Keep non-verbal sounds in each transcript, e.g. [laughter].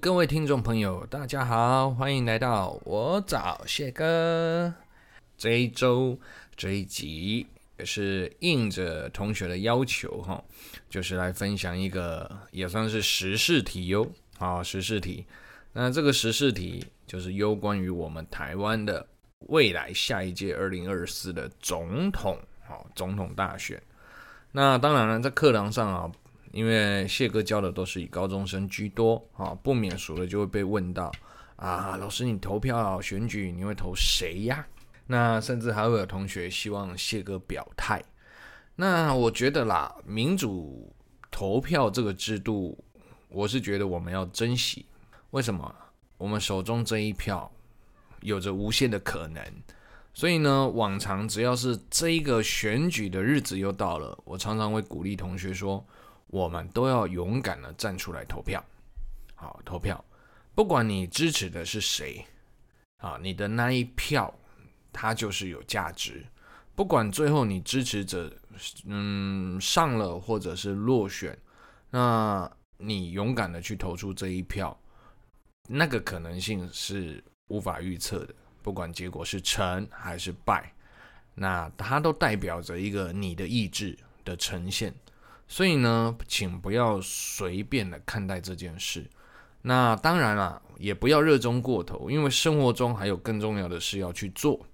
各位聽眾朋友，大家好，歡迎來到我找謝哥。這一周這一集也是應着同學的要求哈、哦，就是來分享一個也算是時事題喲、哦。啊、哦，時事題。那這個時事題就是攸關於我們台灣的未來下一屆二零二四的總統，好、哦，總統大選。那當然了，在課堂上啊。因為謝哥教的都是以高中生居多啊，不免熟了就會被問到啊，老師，你投票選舉你會投誰呀？那甚至還會有同學希望謝哥表態。那我覺得啦，民主投票這個制度，我是覺得我們要珍惜。為什麼？我們手中這一票有着無限的可能。所以呢，往常只要是這一個選舉的日子又到了，我常常會鼓勵同學說。我們都要勇敢的站出來投票，好，投票，不管你支持的是誰，啊，你的那一票，它就是有價值。不管最後你支持者，嗯，上了或者是落選，那你勇敢的去投出這一票，那個可能性是無法預測的。不管結果是成還是敗，那它都代表着一個你的意志的呈現。所以呢，請不要隨便的看待這件事。那當然啦、啊，也不要熱衷過頭，因為生活中還有更重要的事要去做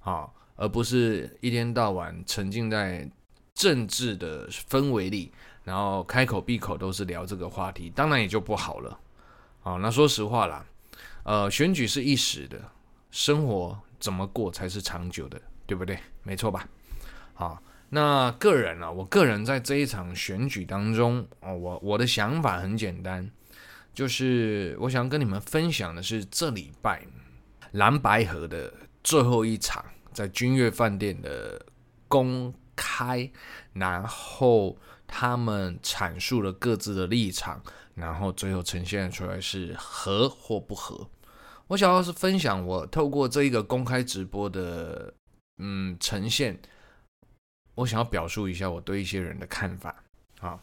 啊，而不是一天到晚沉浸在政治的氛圍裡，然後開口閉口都是聊這個話題，當然也就不好了啊。那說實話啦，呃，選舉是一時的，生活怎麼過才是長久的，對不對？沒錯吧？好、啊。那個人啊，我個人在這一場選舉當中，哦，我我的想法很簡單，就是我想跟你們分享的是這禮拜藍白合的最後一場在君悅飯店的公開，然後他們闡述了各自的立場，然後最後呈現出來是合或不合。我想要是分享我透過這一個公開直播的嗯呈現。我想要表述一下我對一些人的看法啊。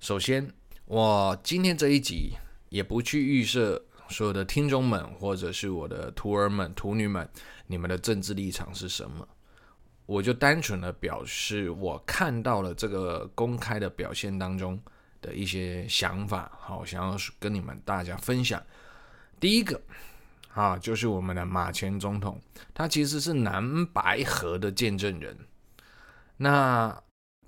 首先，我今天這一集也不去預設所有的聽眾們或者是我的徒兒們、徒女們你們的政治立場是什麼，我就單純的表示我看到了這個公開的表現當中的一些想法，好，想要跟你們大家分享。第一個啊，就是我們的馬前總統，他其實是藍白合的見證人。那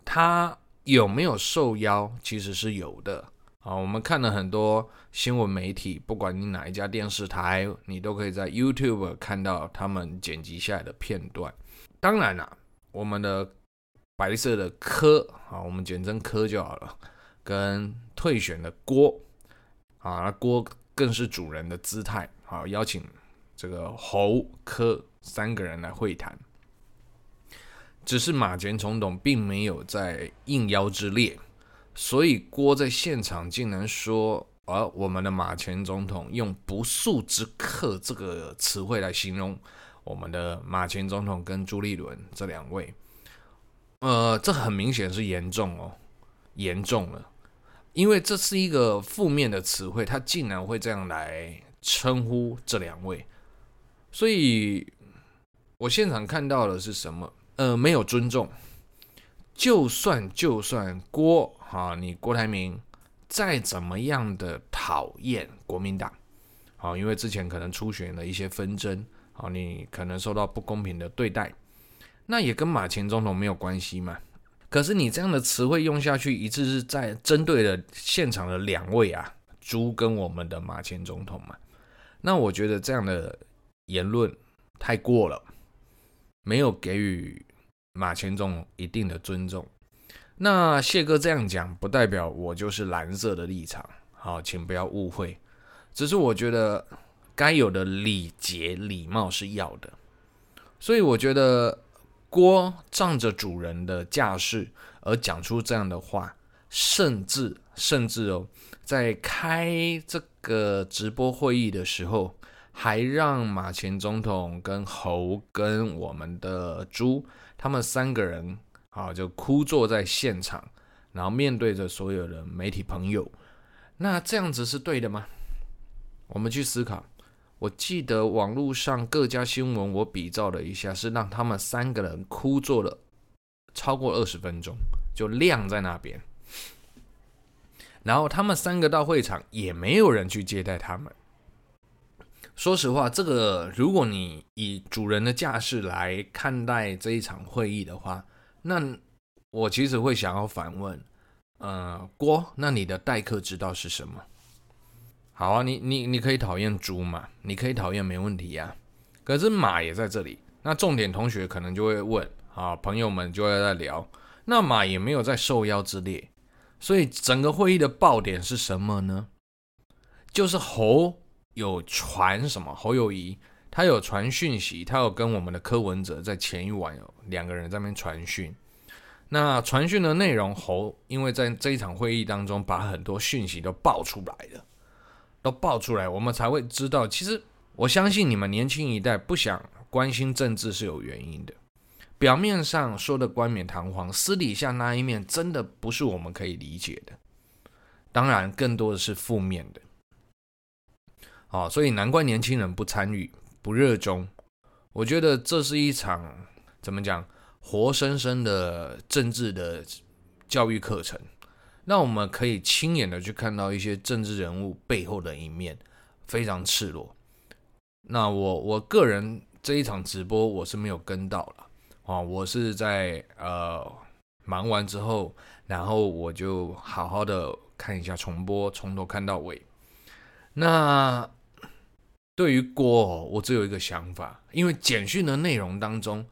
他有沒有受邀？其實是有的啊。我們看了很多新聞媒體，不管你哪一家電視台，你都可以在 YouTube 看到他們剪輯下來的片段。當然啦，啊，我們的白色的柯啊，我們簡稱柯就好了，跟退選的郭啊，那郭更是主人的姿態啊，邀請這個侯、柯三個人來會談。只是馬前總統並沒有在應邀之列，所以郭在現場竟然說，呃：“而我們的馬前總統用‘不速之客’這個詞彙來形容我們的馬前總統跟朱立倫這兩位，呃，這很明顯是嚴重哦，嚴重了，因為這是一個負面的詞彙，他竟然會這樣來稱呼這兩位，所以我現場看到的是什麼？”呃，沒有尊重，就算就算郭哈，你郭台銘再怎麼樣的討厭國民黨，好，因為之前可能初選了一些紛爭，好，你可能受到不公平的對待，那也跟馬前總統沒有關係嘛。可是你這樣的詞彙用下去，一致是在針對了現場的兩位啊，朱跟我們的馬前總統嘛。那我覺得這樣的言論太過了，沒有給予。馬前總一定的尊重，那謝哥這樣講不代表我就是藍色的立場，好，請不要誤會，只是我覺得該有的禮節禮貌是要的，所以我覺得郭仗着主人的架勢而講出這樣的話，甚至甚至哦，在開這個直播會議的時候，還讓馬前總統跟侯跟我們的朱。他們三個人啊，就枯坐在現場，然後面對着所有的媒體朋友，那這樣子是對的嗎？我們去思考。我記得網絡上各家新聞，我比照了一下，是讓他們三個人枯坐了超過二十分鐘，就晾在那邊。然後他們三個到會場，也沒有人去接待他們。說實話，這個如果你以主人的架勢來看待這一場會議的話，那我其實會想要反問，呃，郭，那你的待客之道是什麼？好啊，你你你可以討厭豬嘛，你可以討厭，沒問題啊。可是馬也在這裡，那重點同學可能就會問啊，朋友們就會在聊，那馬也沒有在受邀之列，所以整個會議的爆點是什麼呢？就是猴。有傳什麼？侯友宜他有傳訊息，他有跟我們的柯文哲在前一晚有兩個人在那邊傳訊。那傳訊的內容，侯因為在這一場會議當中，把很多訊息都爆出來了，都爆出來，我們才會知道。其實我相信你們年輕一代不想關心政治是有原因的。表面上說的冠冕堂皇，私底下那一面真的不是我們可以理解的。當然，更多的是負面的。啊、哦，所以難怪年輕人不參與、不熱衷。我覺得這是一場怎麼講，活生生的政治的教育課程。那我們可以親眼的去看到一些政治人物背後的一面，非常赤裸。那我我個人這一場直播我是沒有跟到了啊、哦，我是在呃忙完之後，然後我就好好的看一下重播，從頭看到尾。那。對於郭、哦，我只有一個想法，因為簡訊的內容當中，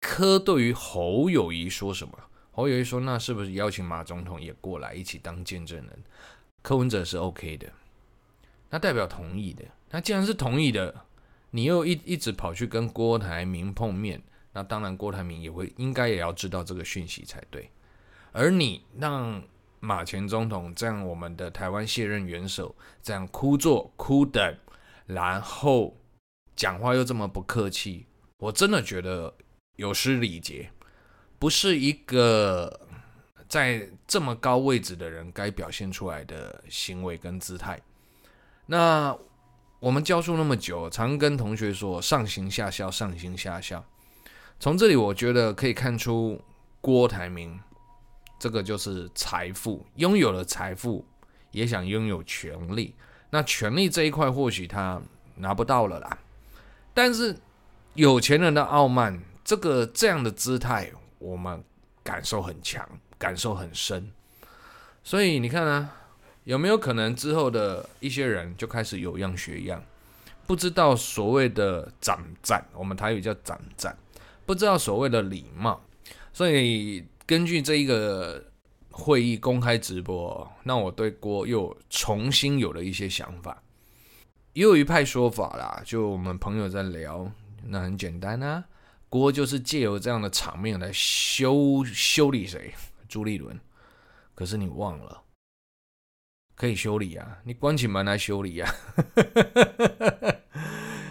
柯對於侯友宜說什麼？侯友宜說，那是不是邀請馬總統也過來一起當見證人？柯文哲是 OK 的，那代表同意的。那既然是同意的，你又一一直跑去跟郭台銘碰面，那當然郭台銘也會應該也要知道這個訊息才對。而你讓馬前總統這樣，我們的台灣卸任元首這樣枯坐枯等。然後講話又這麼不客氣，我真的覺得有失禮節，不是一個在這麼高位置的人該表現出來的行為跟姿態。那我們教書那麼久，常跟同學說上“上行下效，上行下效”。從這裡我覺得可以看出，郭台銘這個就是財富，擁有了財富，也想擁有權力。那權力這一塊或許他拿不到了啦，但是有錢人的傲慢，這個這樣的姿態，我們感受很強，感受很深。所以你看啊，有沒有可能之後的一些人就開始有樣學樣，不知道所謂的長贊，我們台語叫長贊，不知道所謂的禮貌，所以根據這一個。會議公開直播，那我對郭又重新有了一些想法。又有一派說法啦，就我們朋友在聊，那很簡單啊，郭就是借由這樣的場面來修修理誰，朱立倫。可是你忘了，可以修理啊，你關起門來修理啊 [laughs]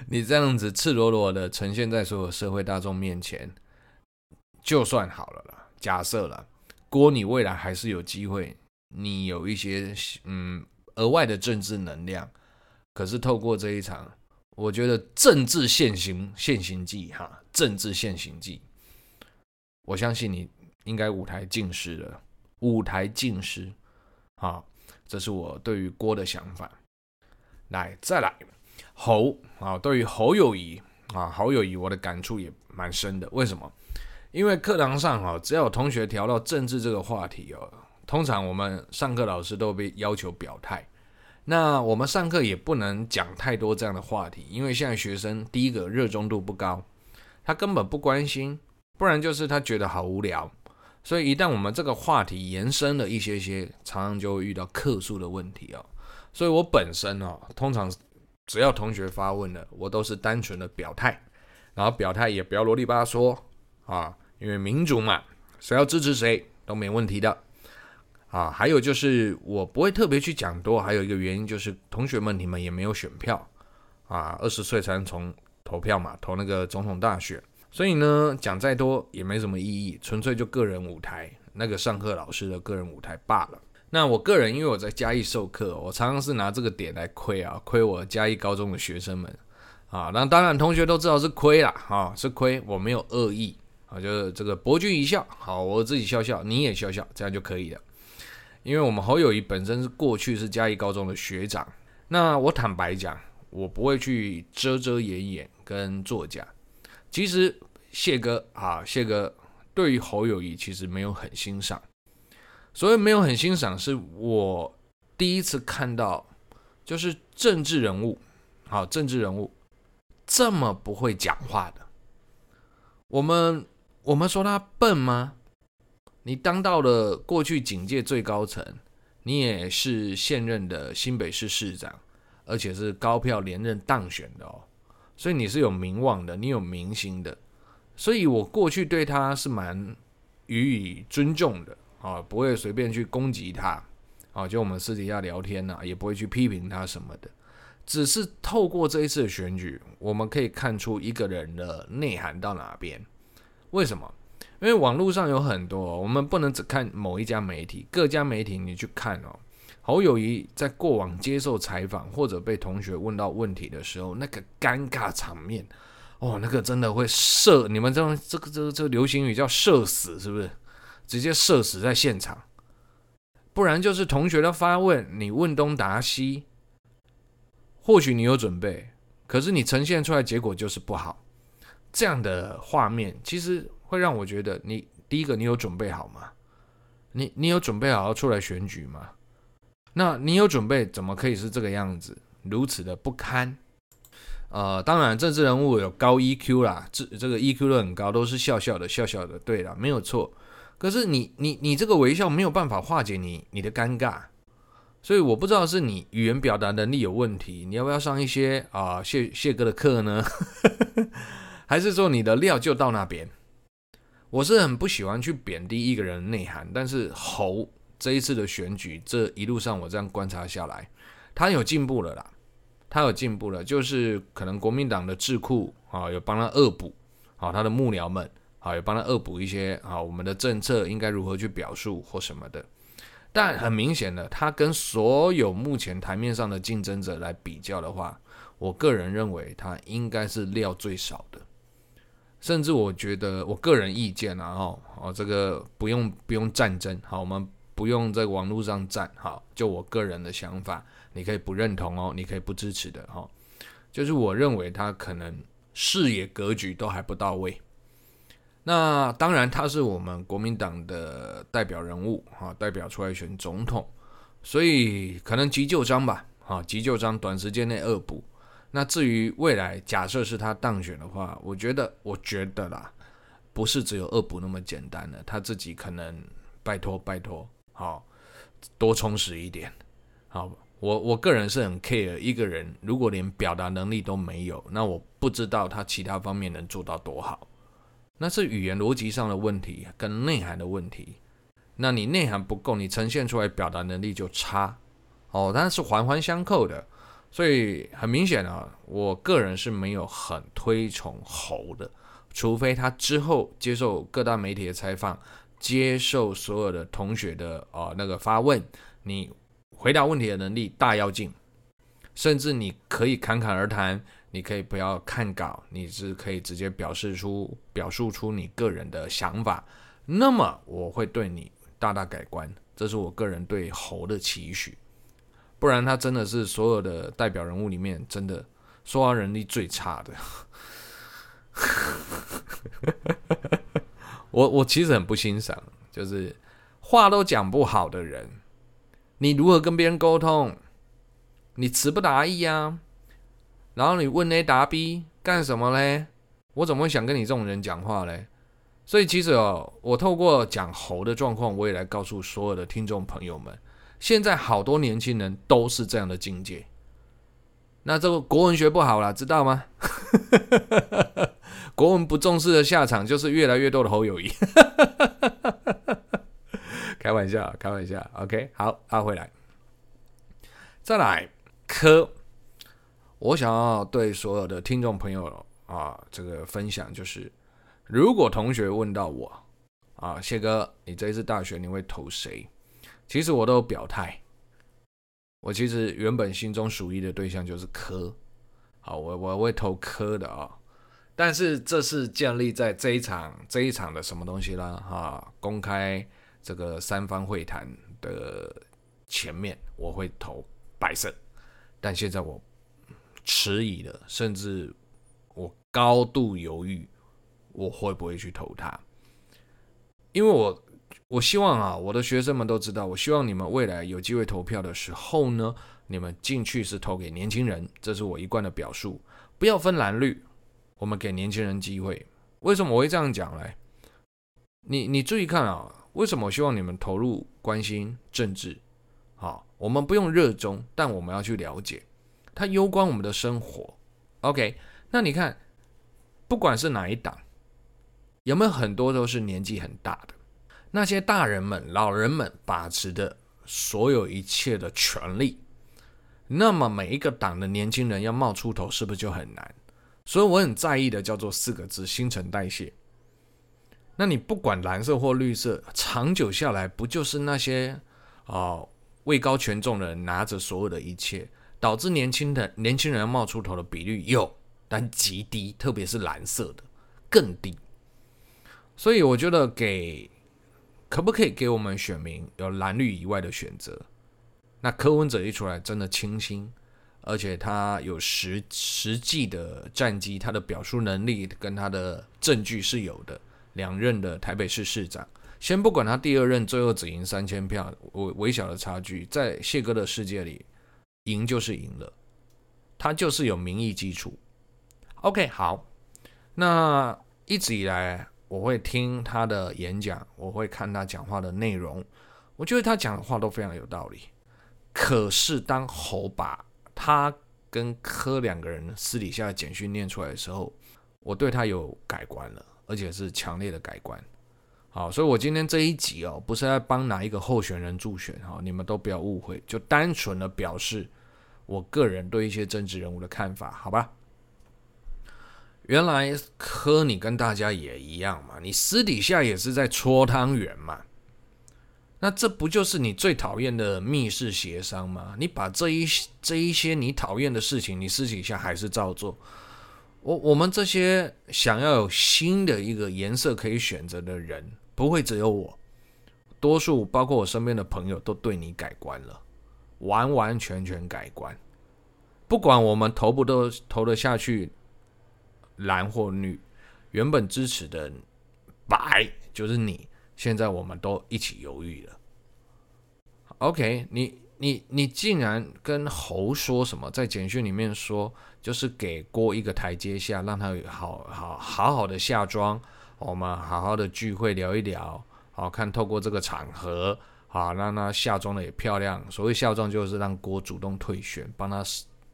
你這樣子赤裸裸的呈現在所有社會大眾面前，就算好了啦，假設了。郭，你未來還是有機會，你有一些嗯額外的政治能量，可是透過這一場，我覺得政治現形、現形記哈、啊，政治現形記，我相信你應該舞台盡失了，舞台盡失。啊，這是我對於郭的想法。來，再來侯啊，對於侯友宜啊，侯友宜，我的感觸也蠻深的，為什麼？因為課堂上哈，只要有同學調到政治這個話題哦，通常我們上課老師都會被要求表態。那我們上課也不能講太多這樣的話題，因為現在學生第一個熱衷度不高，他根本不關心，不然就是他覺得好無聊。所以一旦我們這個話題延伸了一些些，常常就會遇到課數的問題哦。所以我本身哦，通常只要同學發問了，我都是單純的表態，然後表態也不要囉哩吧嗦啊。因為民主嘛，誰要支持誰都沒問題的，啊，還有就是我不會特別去講多，還有一個原因就是同學們你們也沒有選票啊，二十歲才能從投票嘛，投那個總統大選，所以呢講再多也沒什麼意義，純粹就個人舞台，那個上課老師的個人舞台罷了。那我個人因為我在嘉義授課，我常常是拿這個點來虧啊，虧我嘉義高中的學生們啊，那當然同學都知道是虧啦，啊，是虧，我沒有惡意。啊，就這個博君一笑，好，我自己笑笑，你也笑笑，這樣就可以了。因為我們侯友宜本身是過去是嘉義高中的學長，那我坦白講，我不會去遮遮掩掩跟作假。其實謝哥啊，謝哥對於侯友宜其實沒有很欣賞，所謂沒有很欣賞，是我第一次看到，就是政治人物，好，政治人物這麼不會講話的，我們。我們說他笨嗎？你當到了過去警界最高層，你也是現任的新北市市長，而且是高票連任當選的哦，所以你是有名望的，你有明星的，所以我過去對他是蠻予以尊重的啊，不會隨便去攻擊他啊，就我們私底下聊天吶、啊，也不會去批評他什麼的，只是透過這一次的選舉，我們可以看出一個人的內涵到哪邊。為什麼？因為網絡上有很多，我們不能只看某一家媒體，各家媒體你去看哦。侯友宜在過往接受採訪或者被同學問到問題的時候，那個尷尬場面，哦，那個真的會社，你們這種這個這個這個流行語叫社死，是不是？直接社死在現場，不然就是同學的發問，你問東答西，或許你有準備，可是你呈現出來的結果就是不好。這樣的畫面其實會讓我覺得你，你第一個，你有準備好嗎？你你有準備好要出來選舉嗎？那你有準備，怎麼可以是這個樣子，如此的不堪？呃，當然，政治人物有高 EQ 啦，這、這個 EQ 都很高，都是笑笑的，笑笑的。對啦，沒有錯。可是你你你這個微笑沒有辦法化解你你的尷尬，所以我不知道是你語言表達能力有問題，你要不要上一些啊、呃，謝謝哥的課呢？ [laughs] 還是說你的料就到那邊？我是很不喜歡去貶低一個人的內涵，但是侯這一次的選舉，這一路上我這樣觀察下來，他有進步了啦，他有進步了，就是可能國民黨的智庫啊有幫他惡補，啊他的幕僚們啊有幫他惡補一些啊我們的政策應該如何去表述或什麼的，但很明顯的，他跟所有目前台面上的競爭者來比較的話，我個人認為他應該是料最少的。甚至我覺得，我個人意見啊，哦，哦，這個不用不用戰爭，好，我們不用在網絡上戰，好，就我個人的想法，你可以不認同哦，你可以不支持的，哈，就是我認為他可能視野格局都還不到位。那當然他是我們國民黨的代表人物啊，代表出來選總統，所以可能急就章吧，啊，急就章短時間內惡補。那至於未來，假設是他當選的話，我覺得，我覺得啦，不是只有惡補那麼簡單的，他自己可能拜託拜託，好，多充實一點。好，我我個人是很 care 一個人，如果連表達能力都沒有，那我不知道他其他方面能做到多好。那是語言邏輯上的問題跟內涵的問題。那你內涵不夠，你呈現出來表達能力就差。哦，當然是環環相扣的。所以很明顯啊，我個人是沒有很推崇侯的，除非他之後接受各大媒體的採訪，接受所有的同學的啊、呃、那個發問，你回答問題的能力大要勁。甚至你可以侃侃而談，你可以不要看稿，你是可以直接表示出表述出你個人的想法，那麼我會對你大大改觀，這是我個人對侯的期許。不然他真的是所有的代表人物裡面，真的說話能力最差的。我我其實很不欣賞，就是話都講不好的人，你如何跟別人溝通？你詞不達意啊。然後你問 A 答 B 幹什麼嘞？我怎麼會想跟你這種人講話嘞？所以其實哦，我透過講猴的狀況，我也來告訴所有的聽眾朋友們。現在好多年輕人都是這樣的境界，那這個國文學不好了，知道嗎？ [laughs] 國文不重視的下場就是越來越多的侯友宜。 [laughs] 開玩笑，開玩笑。OK，好，拉回來，再來科。我想要對所有的聽眾朋友啊，這個分享就是，如果同學問到我啊，謝哥，你這一次大選你會投誰？其實我都有表態，我其實原本心中屬意的對象就是科，啊，我我會投科的啊，哦，但是這是建立在這一場這一場的什麼東西啦哈，公開這個三方會談的前面，我會投白色，但現在我遲疑了，甚至我高度猶豫，我會不會去投他？因為我。我希望啊，我的學生們都知道。我希望你們未來有機會投票的時候呢，你們進去是投給年輕人，這是我一貫的表述，不要分藍綠，我們給年輕人機會。為什麼我會這樣講呢？你你注意看啊，為什麼我希望你們投入關心政治？好，我們不用熱衷，但我們要去了解，它攸關我們的生活。OK，那你看，不管是哪一黨，有沒有很多都是年紀很大的？那些大人們、老人們把持着所有一切的權利，那麼每一個黨的年輕人要冒出頭，是不是就很難？所以我很在意的叫做四個字：新陳代謝。那你不管藍色或綠色，長久下來不就是那些啊、呃、位高權重的人拿着所有的一切，導致年輕的年輕人冒出頭的比率有但極低，特別是藍色的更低。所以我覺得給。可不可以給我們選民有藍綠以外的選擇？那柯文哲一出來，真的清新，而且他有實實際的戰績，他的表述能力跟他的證據是有的。兩任的台北市市長，先不管他第二任最後只贏三千票，微微小的差距，在謝哥的世界裡，贏就是贏了，他就是有民意基礎。OK，好，那一直以來。我會聽他的演講，我會看他講話的內容，我覺得他講的話都非常有道理。可是當侯把他跟柯兩個人私底下的簡訊念出來的時候，我對他有改觀了，而且是強烈的改觀。好，所以我今天這一集哦，不是在幫哪一個候選人助選哈，你們都不要誤會，就單純的表示我個人對一些政治人物的看法，好吧？原來科，你跟大家也一樣嘛，你私底下也是在搓湯圓嘛，那這不就是你最討厭的密室協商嗎？你把這一這一些你討厭的事情，你私底下還是照做。我我們這些想要有新的一個顏色可以選擇的人，不會只有我，多數包括我身邊的朋友都對你改觀了，完完全全改觀。不管我們投不都投得下去。藍或綠，原本支持的白就是你。現在我們都一起猶豫了。OK，你你你竟然跟侯說什麼？在簡訊裡面說，就是給郭一個台階下，讓他好好好好的下莊。我們好好的聚會聊一聊，好，看透過這個場合，好，讓他下莊的也漂亮。所謂下莊就是讓郭主動退選，幫他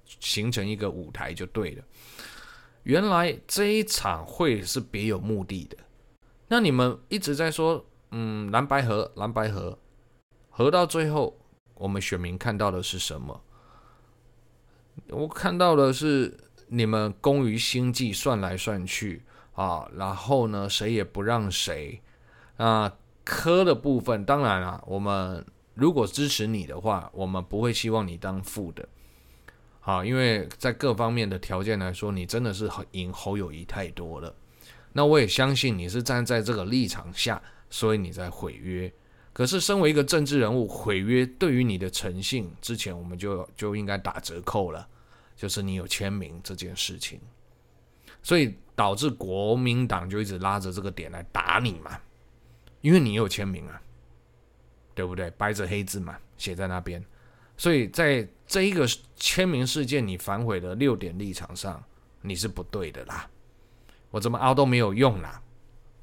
形成一個舞台就對了。原來這一場會是別有目的的。那你們一直在說，嗯，藍白合，藍白合，合到最後，我們選民看到的是什麼？我看到的是你們工於心計，算來算去啊，然後呢，誰也不讓誰。那、啊、柯的部分，當然了、啊，我們如果支持你的話，我們不會希望你當副的。啊，因為在各方面的條件來說，你真的是很贏侯友宜太多了。那我也相信你是站在這個立場下，所以你在毀約。可是身為一個政治人物，毀約對於你的誠信，之前我們就就應該打折扣了。就是你有簽名這件事情，所以導致國民黨就一直拉着這個點來打你嘛，因為你有簽名啊，對不對？白紙黑字嘛，寫在那邊，所以在。這一個簽名事件，你反悔的六點立場上，你是不對的啦。我怎麼凹都沒有用啦，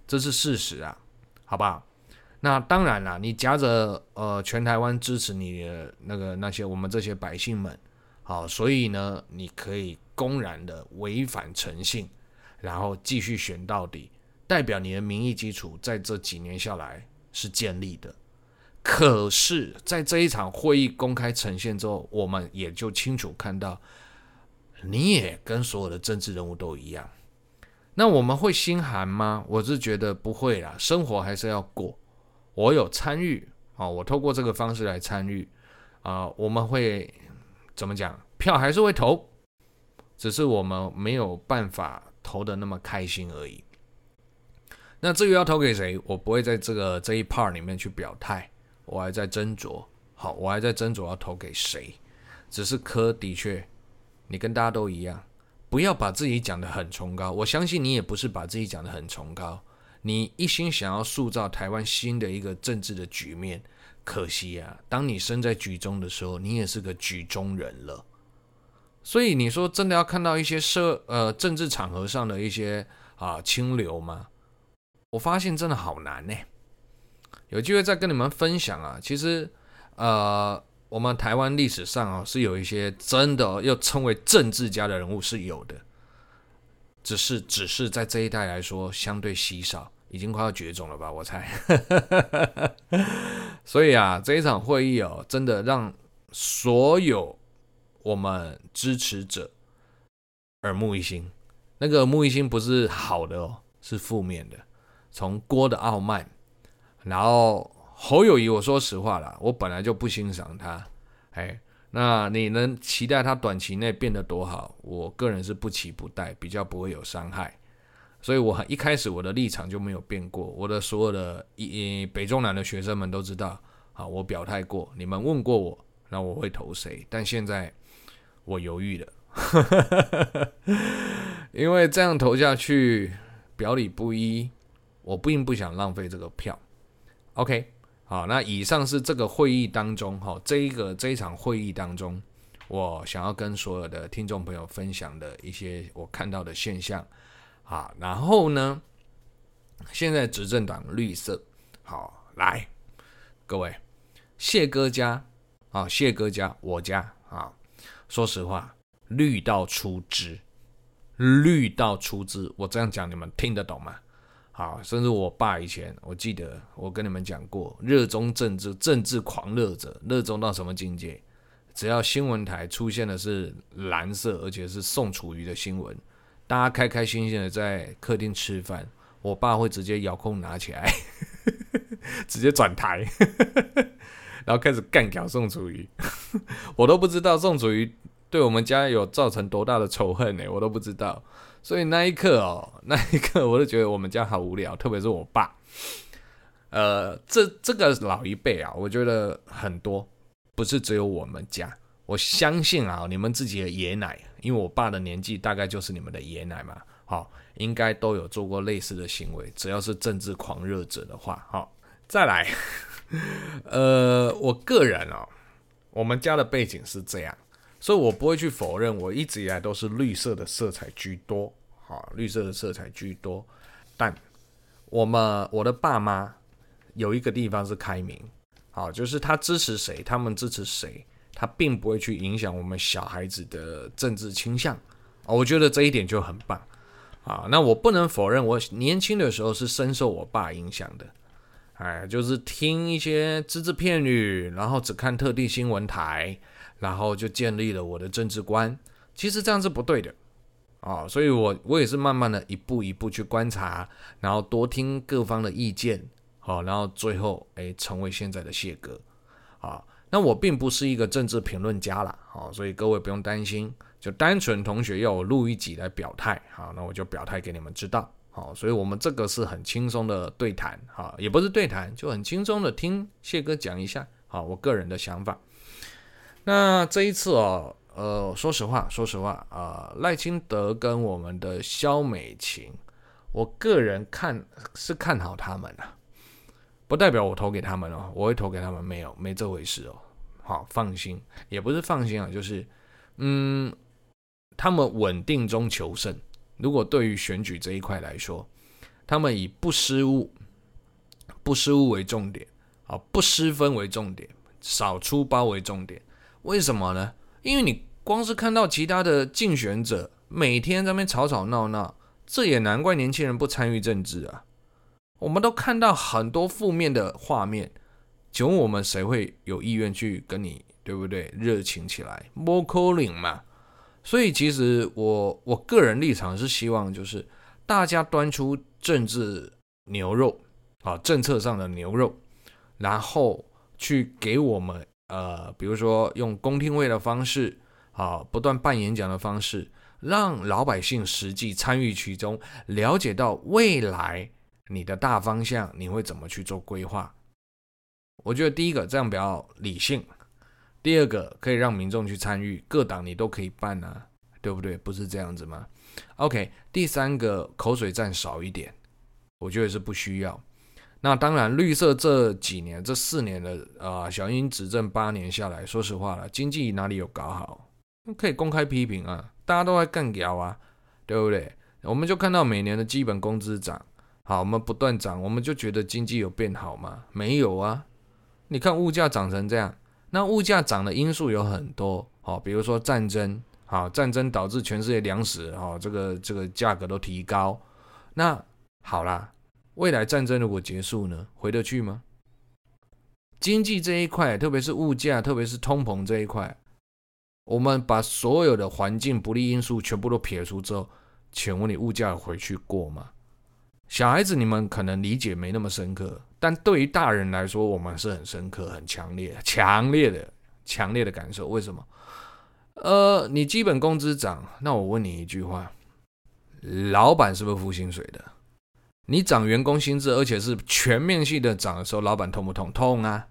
這是事實啊，好吧？那當然啦，你夾着呃全台灣支持你的那個那些我們這些百姓們，好，所以呢，你可以公然的違反誠信，然後繼續選到底，代表你的民意基礎在這幾年下來是建立的。可是，在這一場會議公開呈現之後，我們也就清楚看到，你也跟所有的政治人物都一樣。那我們會心寒嗎？我是覺得不會啦，生活還是要過。我有參與啊，我透過這個方式來參與啊。我們會怎麼講？票還是會投，只是我們沒有辦法投得那麼開心而已。那至於要投給誰，我不會在這個這一 part 裡面去表態。我還在斟酌，好，我還在斟酌要投給誰。只是柯的確，你跟大家都一樣，不要把自己講得很崇高。我相信你也不是把自己講得很崇高，你一心想要塑造台灣新的一個政治的局面，可惜啊，當你身在局中的時候，你也是個局中人了。所以你說真的要看到一些社呃政治場合上的一些啊清流嗎？我發現真的好難呢、欸。有機會再跟你們分享啊，其實，呃，我們台灣歷史上啊、哦、是有一些真的、哦、又稱為政治家的人物是有的，只是只是在這一代來說相對稀少，已經快要絕種了吧？我猜。 [laughs] 所以啊，這一場會議哦，真的讓所有我們支持者耳目一新。那個“目一新”不是好的哦，是負面的。從郭的傲慢。然後侯友宜，我說實話啦，我本來就不欣賞他。哎，那你能期待他短期內變得多好？我個人是不期不待，比較不會有傷害。所以，我一開始我的立場就沒有變過。我的所有的，一，北中南的學生們都知道，啊，我表態過，你們問過我，那我會投誰？但現在我猶豫了， [laughs] 因為這樣投下去表裡不一，我並不想浪費這個票。OK，好，那以上是這個會議當中，哈，這一個這一場會議當中，我想要跟所有的聽眾朋友分享的一些我看到的現象，啊，然後呢，現在執政黨綠色，好，來，各位，謝哥家，啊，謝哥家，我家，啊，說實話，綠到出汁，綠到出汁，我這樣講你們聽得懂嗎？好，甚至我爸以前，我記得我跟你們講過，熱衷政治，政治狂熱者，熱衷到什麼境界？只要新聞台出現的是藍色，而且是宋楚瑜的新聞，大家開開心心的在客廳吃飯，我爸會直接遙控拿起來，呵呵直接轉台呵呵，然後開始幹掉宋楚瑜呵呵。我都不知道宋楚瑜對我們家有造成多大的仇恨呢、欸，我都不知道。所以那一刻哦，那一刻我就覺得我們家好無聊，特別是我爸。呃，這這個老一輩啊，我覺得很多，不是只有我們家，我相信啊，你們自己的爺奶，因為我爸的年紀大概就是你們的爺奶嘛，好、哦，應該都有做過類似的行為，只要是政治狂熱者的話，好、哦，再來，呵呵，呃，我個人哦，我們家的背景是這樣。所以我不會去否認，我一直以來都是綠色的色彩居多，哈，綠色的色彩居多。但我們我的爸媽有一個地方是開明，好，就是他支持誰，他們支持誰，他並不會去影響我們小孩子的政治傾向，啊，我覺得這一點就很棒，啊，那我不能否認，我年輕的時候是深受我爸影響的，哎，就是聽一些只字片語，然後只看特定新聞台。然後就建立了我的政治觀，其實這樣是不對的啊、哦，所以我我也是慢慢的一步一步去觀察，然後多聽各方的意見，好、哦，然後最後哎成為現在的謝哥，啊、哦，那我並不是一個政治評論家啦，好、哦，所以各位不用擔心，就單純同學要我錄一集來表態，好、哦，那我就表態給你們知道，好、哦，所以我們這個是很輕鬆的對談，哈、哦，也不是對談，就很輕鬆的聽謝哥講一下，好、哦，我個人的想法。那這一次哦，呃，說實話，說實話啊，呃，賴清德跟我們的蕭美琴，我個人看是看好他們啊，不代表我投給他們哦，我會投給他們沒有，沒這回事哦。好，放心，也不是放心啊，就是，嗯，他們穩定中求勝。如果對於選舉這一塊來說，他們以不失誤，不失誤為重點，啊，不失分為重點，少出包為重點。為什麼呢？因為你光是看到其他的競選者每天在那邊吵吵鬧鬧，這也難怪年輕人不參與政治啊。我們都看到很多負面的畫面，請問我們誰會有意願去跟你，對不對？熱情起來，沒可能嘛。所以其實我我個人立場是希望，就是大家端出政治牛肉啊，政策上的牛肉，然後去給我們。呃，比如說用公聽會的方式，啊，不斷辦演講的方式，讓老百姓實際參與其中，了解到未來你的大方向你會怎麼去做規劃。我覺得第一個這樣比較理性，第二個可以讓民眾去參與，各黨你都可以辦呢、啊，對不對？不是這樣子嗎？OK，第三個口水戰少一點，我覺得是不需要。那當然，綠色這幾年這四年的啊、呃，小英執政八年下來，說實話了，經濟哪裡有搞好？可以公開批評啊，大家都在幹譙啊，對不對？我們就看到每年的基本工資漲，好，我們不斷漲，我們就覺得經濟有變好嗎？沒有啊！你看物價漲成這樣，那物價漲的因素有很多，好、哦，比如說戰爭，好、哦，戰爭導致全世界糧食哦，這個這個價格都提高，那好啦。未來戰爭如果結束呢？回得去嗎？經濟這一塊，特別是物價，特別是通膨這一塊，我們把所有的環境不利因素全部都撇除之後，請問你物價回去過嗎？小孩子你們可能理解沒那麼深刻，但對於大人來說，我們是很深刻、很強烈、強烈的、強烈的感受。為什麼？呃，你基本工資漲，那我問你一句話：老闆是不是付薪水的？你漲員工薪資，而且是全面性的漲的時候，老板痛不痛？痛啊！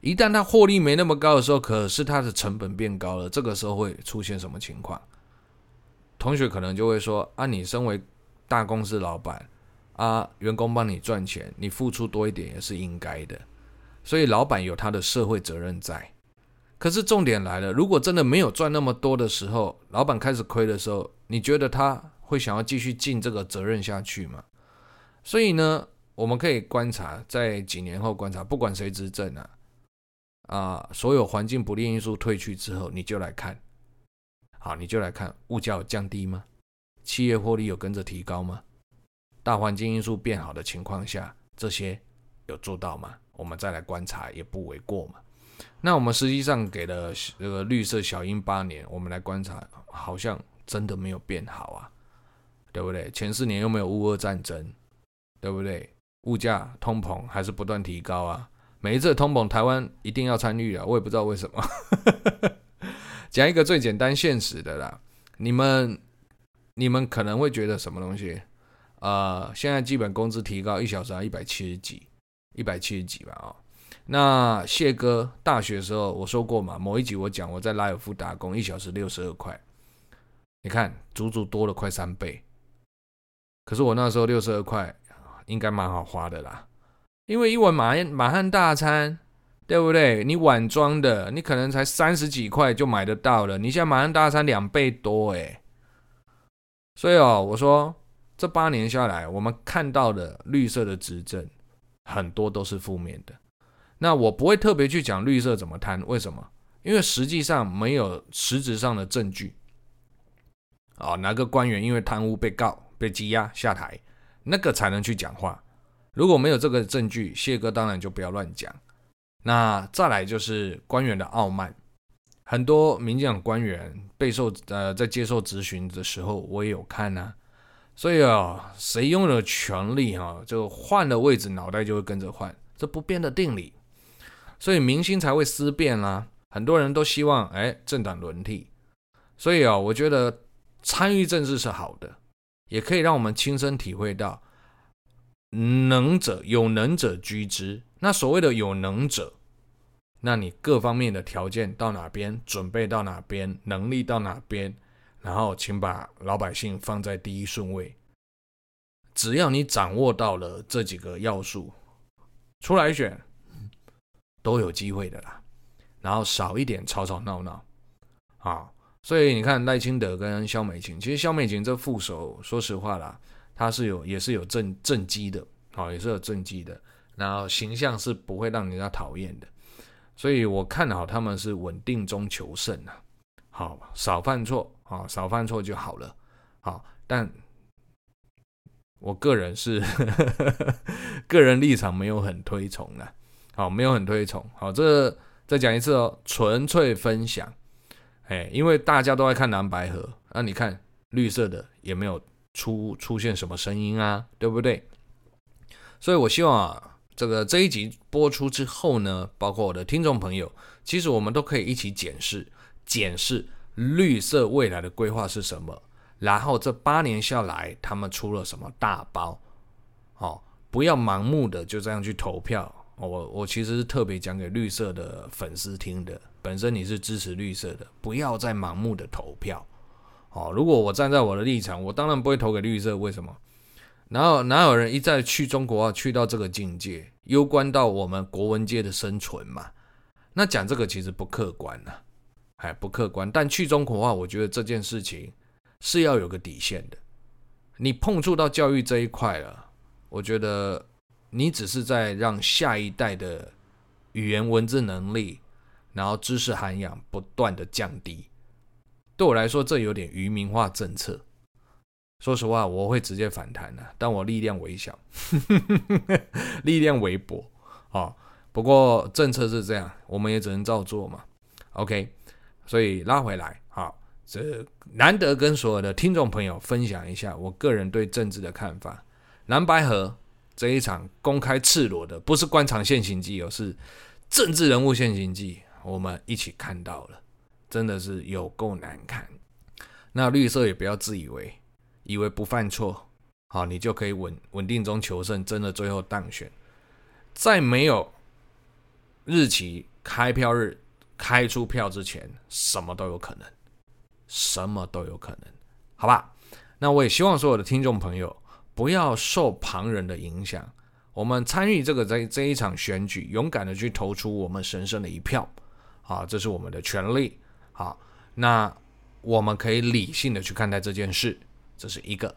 一旦他獲利沒那麼高的時候，可是他的成本變高了，這個時候會出現什麼情況？同學可能就會說：啊，你身為大公司老板，啊，員工幫你賺錢，你付出多一點也是應該的，所以老板有他的社會責任在。可是重點來了，如果真的沒有賺那麼多的時候，老板開始虧的時候，你覺得他會想要繼續盡這個責任下去嗎？所以呢，我們可以觀察，在幾年後觀察，不管誰執政啊，啊，所有環境不利因素退去之後，你就來看，好，你就來看，物價有降低嗎？企業獲利有跟着提高嗎？大環境因素變好的情況下，這些有做到嗎？我們再來觀察也不為過嘛。那我們實際上給了這個綠色小英八年，我們來觀察，好像真的沒有變好啊，對不對？前四年又沒有烏俄戰爭。對不對？物價通膨還是不斷提高啊！每一次通膨，台灣一定要參與啊！我也不知道為什麼。 [laughs] 講一個最簡單現實的啦，你們你們可能會覺得什麼東西？呃，現在基本工資提高一小時啊，一百七十幾，一百七十幾吧啊、哦。那謝哥大學的時候我說過嘛，某一集我講我在拉爾夫打工一小時六十二塊，你看足足多了快三倍。可是我那時候六十二塊。應該蠻好花的啦，因為一碗滿滿漢大餐，對不對？你碗裝的，你可能才三十幾塊就買得到了。你現在滿漢大餐兩倍多哎，所以哦，我說這八年下來，我們看到的綠色的執政，很多都是負面的。那我不會特別去講綠色怎麼貪，為什麼？因為實際上沒有實質上的證據。哦，哪個官員因為貪污被告、被羈押、下台？那個才能去講話，如果沒有這個證據，謝哥當然就不要亂講。那再來就是官員的傲慢，很多民進黨官員備受呃在接受質詢的時候，我也有看呢、啊。所以啊，誰擁有權力啊，就換了位置，腦袋就會跟着換，這不變的定理。所以民心才會思變啦，很多人都希望哎政黨輪替。所以啊，我覺得參與政治是好的。也可以讓我們親身體會到，能者有能者居之。那所謂的有能者，那你各方面的條件到哪邊，準備到哪邊，能力到哪邊，然後請把老百姓放在第一順位。只要你掌握到了這幾個要素，出來選都有機會的啦。然後少一點吵吵鬧鬧啊。所以你看賴清德跟蕭美琴，其實蕭美琴這副手，說實話啦，他是有也是有政、政績的，好、哦、也是有政績的，然後形象是不會讓人家討厭的，所以我看好他們是穩定中求勝、啊、好少犯錯，好、哦、少犯錯就好了，好、哦，但我個人是呵呵呵個人立場沒有很推崇的、啊，好、哦、沒有很推崇，好、哦、這再講一次哦，純粹分享。哎，因為大家都在看藍白合那、啊、你看綠色的也沒有出出現什麽聲音啊，對不對？所以我希望啊，這個這一集播出之後呢，包括我的聽眾朋友，其實我們都可以一起檢視、檢視綠色未來的規劃是什麽，然後這八年下來他們出了什麽大包，好、哦，不要盲目的就這樣去投票。我、哦、我其實是特別講給綠色的粉絲聽的，本身你是支持綠色的，不要再盲目的投票。哦、如果我站在我的立場，我當然不會投給綠色，為什麼？哪有哪有人一再去中國化，去到這個境界，攸關到我們國文界的生存嘛？那講這個其實不客觀吶、啊，哎，不客觀。但去中國化，我覺得這件事情是要有個底線的，你碰觸到教育這一塊了，我覺得。你只是在讓下一代的語言文字能力，然後知識涵養不斷的降低。對我來說，這有點愚民化政策。說實話，我會直接反彈的，但我力量微小， [laughs] 力量微薄。好，不過政策是這樣，我們也只能照做嘛。OK，所以拉回來，啊，這難得跟所有的聽眾朋友分享一下我個人對政治的看法。藍白合。這一場公開赤裸的，不是官場現形記哦，是政治人物現形記。我們一起看到了，真的是有夠難看。那綠色也不要自以為，以為不犯錯，好，你就可以穩穩定中求勝，真的最後當選。在沒有日期開票日開出票之前，什麼都有可能，什麼都有可能，好吧？那我也希望所有的聽眾朋友。不要受旁人的影響，我們參與這個這這一場選舉，勇敢的去投出我們神聖的一票，啊，這是我們的權利。好，那我們可以理性的去看待這件事，這是一個。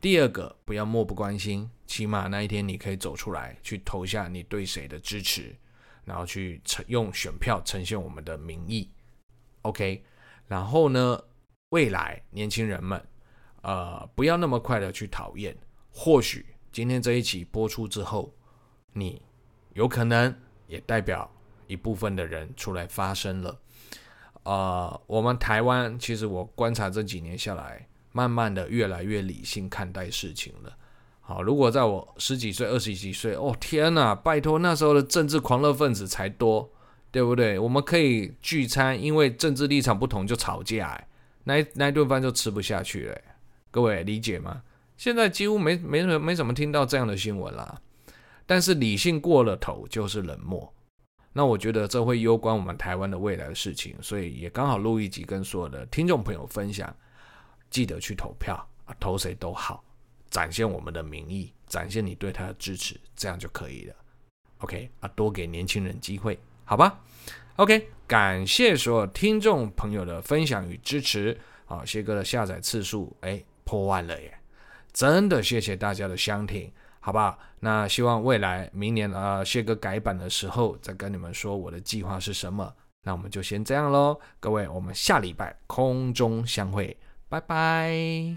第二個，不要漠不關心，起碼那一天你可以走出來，去投下你對誰的支持，然後去呈用選票呈現我們的民意。OK，然後呢，未來年輕人們。呃，不要那麼快的去討厭，或許今天這一期播出之後，你有可能也代表一部分的人出來發聲了。呃，我們台灣其實我觀察這幾年下來，慢慢的越來越理性看待事情了。好，如果在我十幾歲、二十幾歲，哦天吶，拜託那時候的政治狂熱分子才多，對不對？我們可以聚餐，因為政治立場不同就吵架，那一那頓飯就吃不下去了。各位理解嗎？現在幾乎沒沒，沒什沒怎麼聽到這樣的新聞了，但是理性過了頭就是冷漠。那我覺得這會攸關我們台灣的未來的事情，所以也剛好錄一集跟所有的聽眾朋友分享。記得去投票啊，投誰都好，展現我們的民意，展現你對他的支持，這樣就可以了。OK 啊，多給年輕人機會，好吧？OK，感謝所有聽眾朋友的分享與支持啊，謝哥的下載次數，哎。破萬了耶！真的謝謝大家的相挺，好不好？那希望未來明年啊，謝、呃、哥，改版的時候再跟你們說我的計劃是什麼？那我們就先這樣咯，各位，我們下禮拜空中相會，拜拜。